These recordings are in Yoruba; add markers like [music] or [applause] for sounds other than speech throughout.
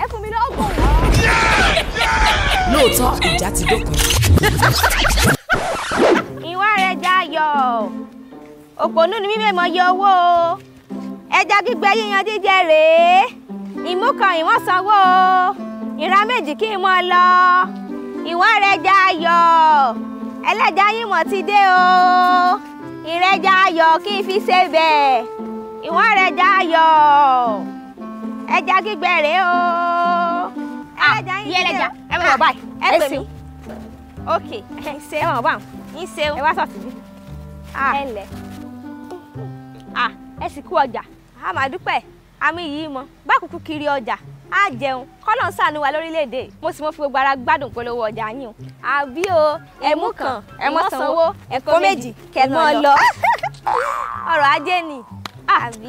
ẹ fún mi lọ́gùn. lóòótọ́ ìjà ti dópin. ìwà rẹ̀ já yọ òpònú ni mímẹ́ mọ yọ owó o ẹja gbígbẹ yíyan jíjẹ rèé ìmúkan ìwọ̀n sanwó o ìra méjì kí n mọ lọ ìwà rẹ̀ já yọ ẹlẹ́ja yín mọ̀ ti dé o ìrẹ́jà ayọ̀ kí n fi ṣe bẹ́ẹ̀ ìwà rẹ̀ já yọ ẹja gbígbẹ rèé o ah, ẹlẹ́ja yín ẹlẹ́ja ẹ mọ̀ báyìí ah, ẹ pè mí ok ẹ ṣe ẹ mọ̀ bá yín ṣe o ẹ wá sọ̀tún bí ah. ẹ lẹ̀ ẹ sì kú ọjà a máa dúpẹ́ àmì yìí mọ bá kúkú kiri ọjà á jẹun kọ́lọ̀ ń ṣàánú wa lórílẹ̀ mo sì mọ fi gbogbo ara gbádùn polówó ọjà yín o àbí o ẹmú kan ẹmọ sanwó ẹkọ méjì kẹmọ lọ [laughs] ọrọ̀ ajé ni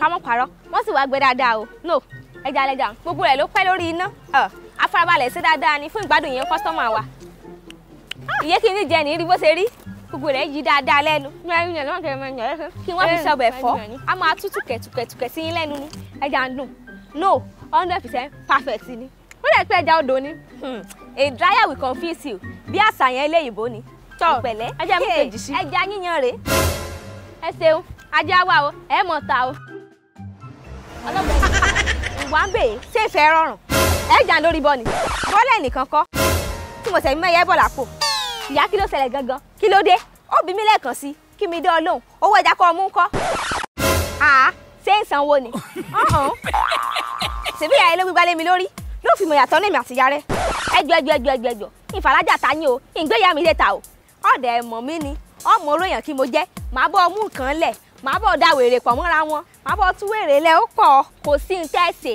àmọ́ pàrọ̀ wọ́n sì wá gbé dáadáa o no ẹja lẹja gbogbo rẹ̀ ló pẹ́ lórí iná afárabalẹ̀ ṣe dáadáa ni fún ìgbádùn yẹn kọ́sítọ́mà wa ìyé kí n ní jẹ ní rí bó ṣe rí gbogbo rẹ̀ yí dáadáa lẹ́nu kí wọ́n fi ṣọbẹ̀ fọ́ a máa tútù kẹ̀tùkẹ̀tùkẹ̀ sí yín lẹ́nu mú ẹja ń dùn no hundred percent perfect ni ó lè pẹ́ ẹja odò ni hmm, a dryer will confuse you bí àṣàyàn ilé ìbò ni tọ́ pẹ̀lẹ́ ẹja mú kejì sí ẹja yíyan rèé ẹ ṣeun ajá wa o ẹ mọ̀ ta o. ọlọ́gbẹ́ wà ń bèè ṣé ìfẹ́ rọrùn ẹ̀jà lórí bọ́ọ̀lì bọ́ọ̀lù ẹnìkan kọ́ tí mo tẹ̀mí mẹ́yẹ́ bọ̀ lápò ìyá kí ló ṣẹlẹ̀ gangan kí ló dé ó bí mi lẹ́ẹ̀kan sí kí mi dé ọ lóhùn owó ẹja kọ́ ọmú ń kọ́ àá ṣé ń sanwó ni ṣèbí ìyá ilé gbígbá lé mi lórí ló fi mọ̀ yàtọ̀ lèmi àtìyá rẹ̀ ẹjọ́ ẹjọ́ ẹjọ́ ẹjọ́ ẹjọ́ ìfàlájà ta yín o ìgbéyà mi lè ta o ọ̀dẹ̀ ẹ̀mọ́ mi ni ọmọ olóyàn kí mo jẹ́ màá bọ́ ọmú nǹkan lẹ̀ màá bọ́ ọ̀dà wèrè pọ̀ mọ́ra wọn àbọ̀ tún wèrè lẹ ó kọ̀ kò sí ní tẹ́ẹ̀sì.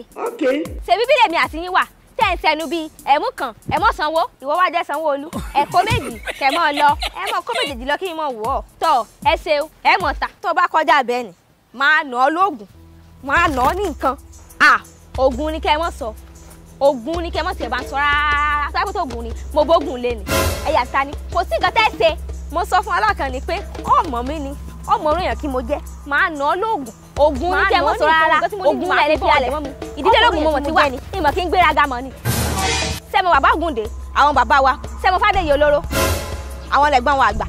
ṣe bíbí lèmi àti yín wà tẹ́ ń sẹnu bíi ẹ̀mú kan ẹ̀mọ́ sanwó ìwọ wá jẹ́ sanwó olú ẹ̀kọ́ méjì kẹ̀mọ́ lọ ẹ̀mọ́ kó méjèèjì lọ kí n mọ̀ wọ̀ ọ́ tọ́ ẹ ṣeun ẹ̀mọ́ ta tó bá kọjá bẹ́ẹ̀ ni máa nà ọ́ lóògùn máa nà ọ́ ní nǹkan à ogun ni kẹ́ mọ́ sọ ògùn ni kẹ́ mọ́ tiẹ̀ bá ń sọ rárá sábà tó ògùn ni mo gbógun lé ni ẹ̀yà ta ni kò sí nǹkan tẹ́ ṣe mo sọ fún ọlọ́kan ni pé ó mọ̀ mí ni ọmọ orin yàn kí mo jẹ́ màá nà ọ́ lóògùn ogun ní tẹ́ mọ́ sọ rárá ogun lẹ́ni fi alẹ̀ mọ́ mi ìdílé lóògùn mo mọ̀ ti wá ni ìmọ̀ kí n gbéraga mọ́ ni. sẹ́mo bàbá ògùndé àwọn bàbá wa sẹ́mo fádéyé olóró àwọn ẹ̀gbọ́n wa àgbà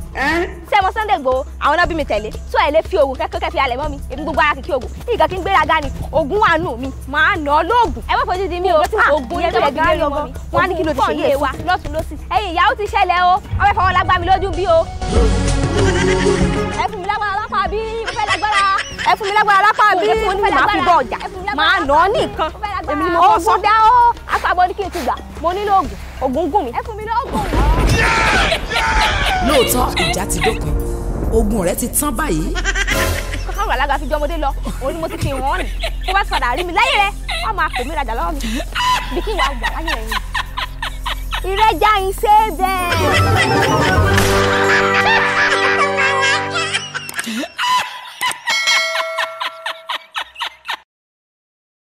sẹ́mo Sunday Igboho àwọn náà bí mi tẹ̀lé tó ẹ̀ lé fi ògùn kẹ́kẹ́ fi alẹ̀ mọ́ mi èmi gbogbo ara kìkì ògùn ìgbà kí n gbéraga ni ogun wà nù mi màá nà ọ́ lóògùn. ẹ má fojú di ah, mi o ogun yẹn tó lè gbé lọ́mọ mi wọn á ní kí ló ti ṣe yé wa lọ́tún lọ́sì ẹ̀yin ìyàwó ti ṣẹlẹ̀ o ọmọ ìfọwọ́lágbá mi lójú bí o. [laughs] ẹ fún mi lágbára lápá bí mo fẹ́ lágbára ẹ fún mi lágbára lápá bí mo fẹ́ lágbára máa fi bọ ọjà máa nà ọ́ ní nǹkan èmi ni mo kọ́ sọ. ọ̀dà ó apábọ́ ní kí n ti gbà mo nílò oògùn oògùn gùn mi. ẹ fún mi lóògùn. lóòótọ́ ìjà ti dópin oògùn rẹ ti tán báyìí. káwọn alága fi jọmọdé lọ òun ni mo ti fi wọ́n ni kó bá ti padà rí mi láyé rẹ wọ́n máa pè mí rajà lọ́wọ́ mi bí kí wàá gbà láyé rẹ yìí. ìrẹ́jà ń ṣe bẹ́ẹ̀.